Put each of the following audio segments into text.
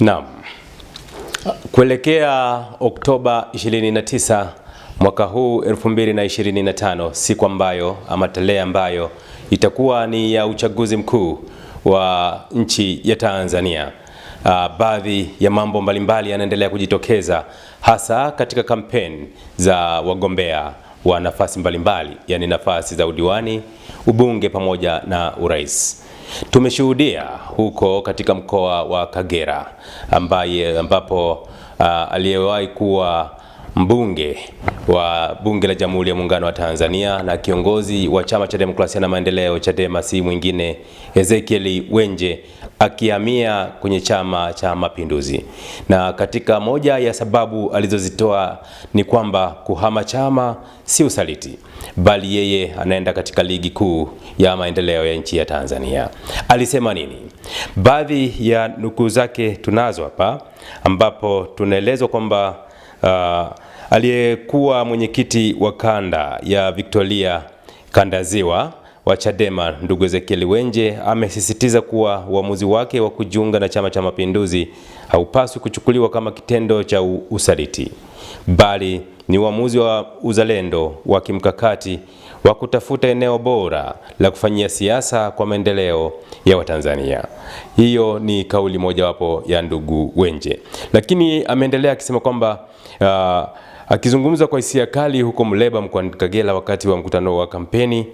Naam. Kuelekea Oktoba 29 mwaka huu 2025, siku ambayo ama tarehe ambayo itakuwa ni ya uchaguzi mkuu wa nchi ya Tanzania. Uh, baadhi ya mambo mbalimbali yanaendelea kujitokeza hasa katika kampeni za wagombea wa nafasi mbalimbali, yani nafasi za udiwani, ubunge pamoja na urais. Tumeshuhudia huko katika mkoa wa Kagera ambaye ambapo uh, aliyewahi kuwa mbunge wa Bunge la Jamhuri ya Muungano wa Tanzania na kiongozi wa Chama cha Demokrasia na Maendeleo Chadema, si mwingine Ezekiel Wenje akihamia kwenye Chama cha Mapinduzi, na katika moja ya sababu alizozitoa ni kwamba kuhama chama si usaliti, bali yeye anaenda katika ligi kuu ya maendeleo ya nchi ya Tanzania. Alisema nini? Baadhi ya nukuu zake tunazo hapa, ambapo tunaelezwa kwamba Uh, aliyekuwa mwenyekiti wa kanda ya Victoria kanda ziwa wa Chadema ndugu Ezekiel Wenje amesisitiza kuwa uamuzi wake wa kujiunga na Chama cha Mapinduzi haupaswi kuchukuliwa kama kitendo cha usaliti bali ni uamuzi wa uzalendo wa kimkakati wa kutafuta eneo bora la kufanyia siasa kwa maendeleo ya Watanzania. Hiyo ni kauli mojawapo ya ndugu Wenje, lakini ameendelea akisema kwamba uh, akizungumza kwa hisia kali huko Muleba mkoani Kagera wakati wa mkutano wa kampeni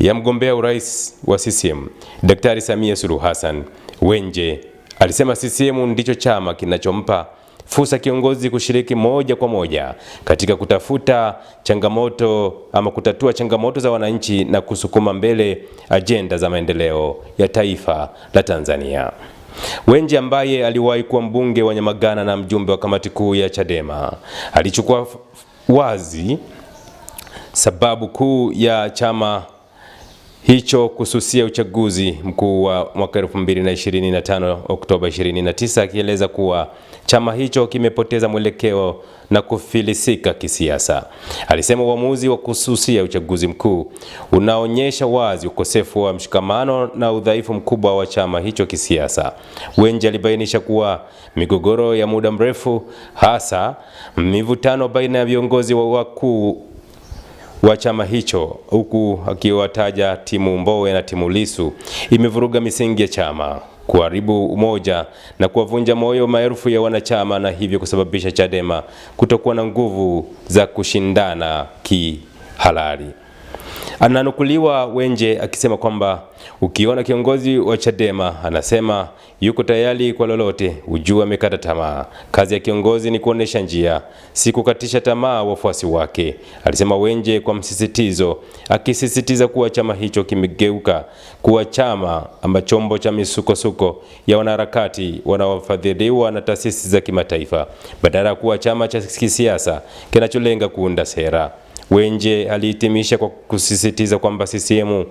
ya mgombea urais wa CCM Daktari Samia Suluhu Hassan, Wenje alisema CCM ndicho chama kinachompa fursa kiongozi kushiriki moja kwa moja katika kutafuta changamoto ama kutatua changamoto za wananchi na kusukuma mbele ajenda za maendeleo ya taifa la Tanzania. Wenje ambaye aliwahi kuwa mbunge wa Nyamagana na mjumbe wa kamati kuu ya Chadema alichukua wazi sababu kuu ya chama hicho kususia uchaguzi mkuu wa mwaka 2025 Oktoba 29, akieleza kuwa chama hicho kimepoteza mwelekeo na kufilisika kisiasa. Alisema uamuzi wa kususia uchaguzi mkuu unaonyesha wazi ukosefu wa mshikamano na udhaifu mkubwa wa chama hicho kisiasa. Wenje alibainisha kuwa migogoro ya muda mrefu, hasa mivutano baina ya viongozi wakuu wa chama hicho huku akiwataja timu Mbowe na timu lisu imevuruga misingi ya chama, kuharibu umoja na kuwavunja moyo maelfu ya wanachama na hivyo kusababisha Chadema kutokuwa na nguvu za kushindana kihalali. Ananukuliwa Wenje akisema kwamba ukiona kiongozi wa Chadema anasema yuko tayari kwa lolote, ujue amekata tamaa. Kazi ya kiongozi ni kuonesha njia, si kukatisha tamaa wafuasi wake, alisema Wenje kwa msisitizo, akisisitiza kuwa chama hicho kimegeuka kuwa chama ama chombo cha misukosuko ya wanaharakati wanaofadhiliwa na taasisi za kimataifa badala ya kuwa chama cha kisiasa kinacholenga kuunda sera. Wenje alihitimisha kwa kusisitiza kwamba CCM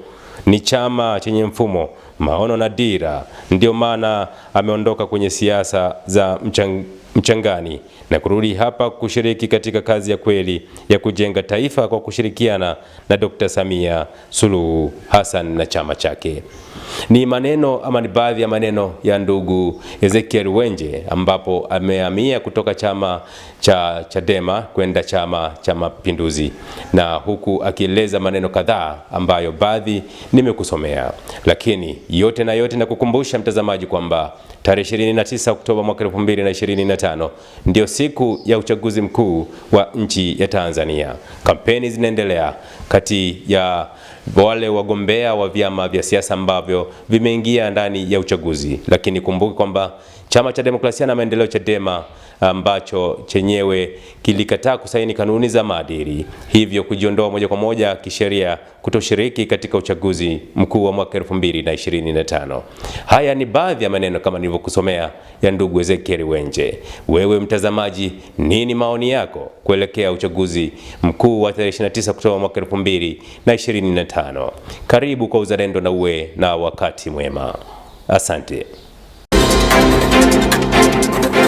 ni chama chenye mfumo, maono na dira, ndio maana ameondoka kwenye siasa za mchang Mchangani na kurudi hapa kushiriki katika kazi ya kweli ya kujenga taifa kwa kushirikiana na Dr. Samia Suluhu Hassan na chama chake. Ni maneno ama ni baadhi ya maneno ya ndugu Ezekiel Wenje ambapo amehamia kutoka chama cha Chadema kwenda chama cha Mapinduzi, na huku akieleza maneno kadhaa ambayo baadhi nimekusomea, lakini yote na yote na kukumbusha mtazamaji kwamba Tarehe 29 Oktoba mwaka 2025 ndio siku ya uchaguzi mkuu wa nchi ya Tanzania. Kampeni zinaendelea kati ya wale wagombea wa vyama vya siasa ambavyo vimeingia ndani ya uchaguzi, lakini kumbuke kwamba Chama cha Demokrasia na Maendeleo Chadema ambacho chenyewe kilikataa kusaini kanuni za maadili, hivyo kujiondoa moja kwa moja kisheria kutoshiriki katika uchaguzi mkuu wa mwaka 2025. Haya ni baadhi ya maneno kama nilivyokusomea ya ndugu Ezekiel Wenje. Wewe mtazamaji, nini maoni yako kuelekea uchaguzi mkuu wa 29 Oktoba mwaka 2025? Karibu kwa uzalendo na uwe na wakati mwema. Asante. Thank you.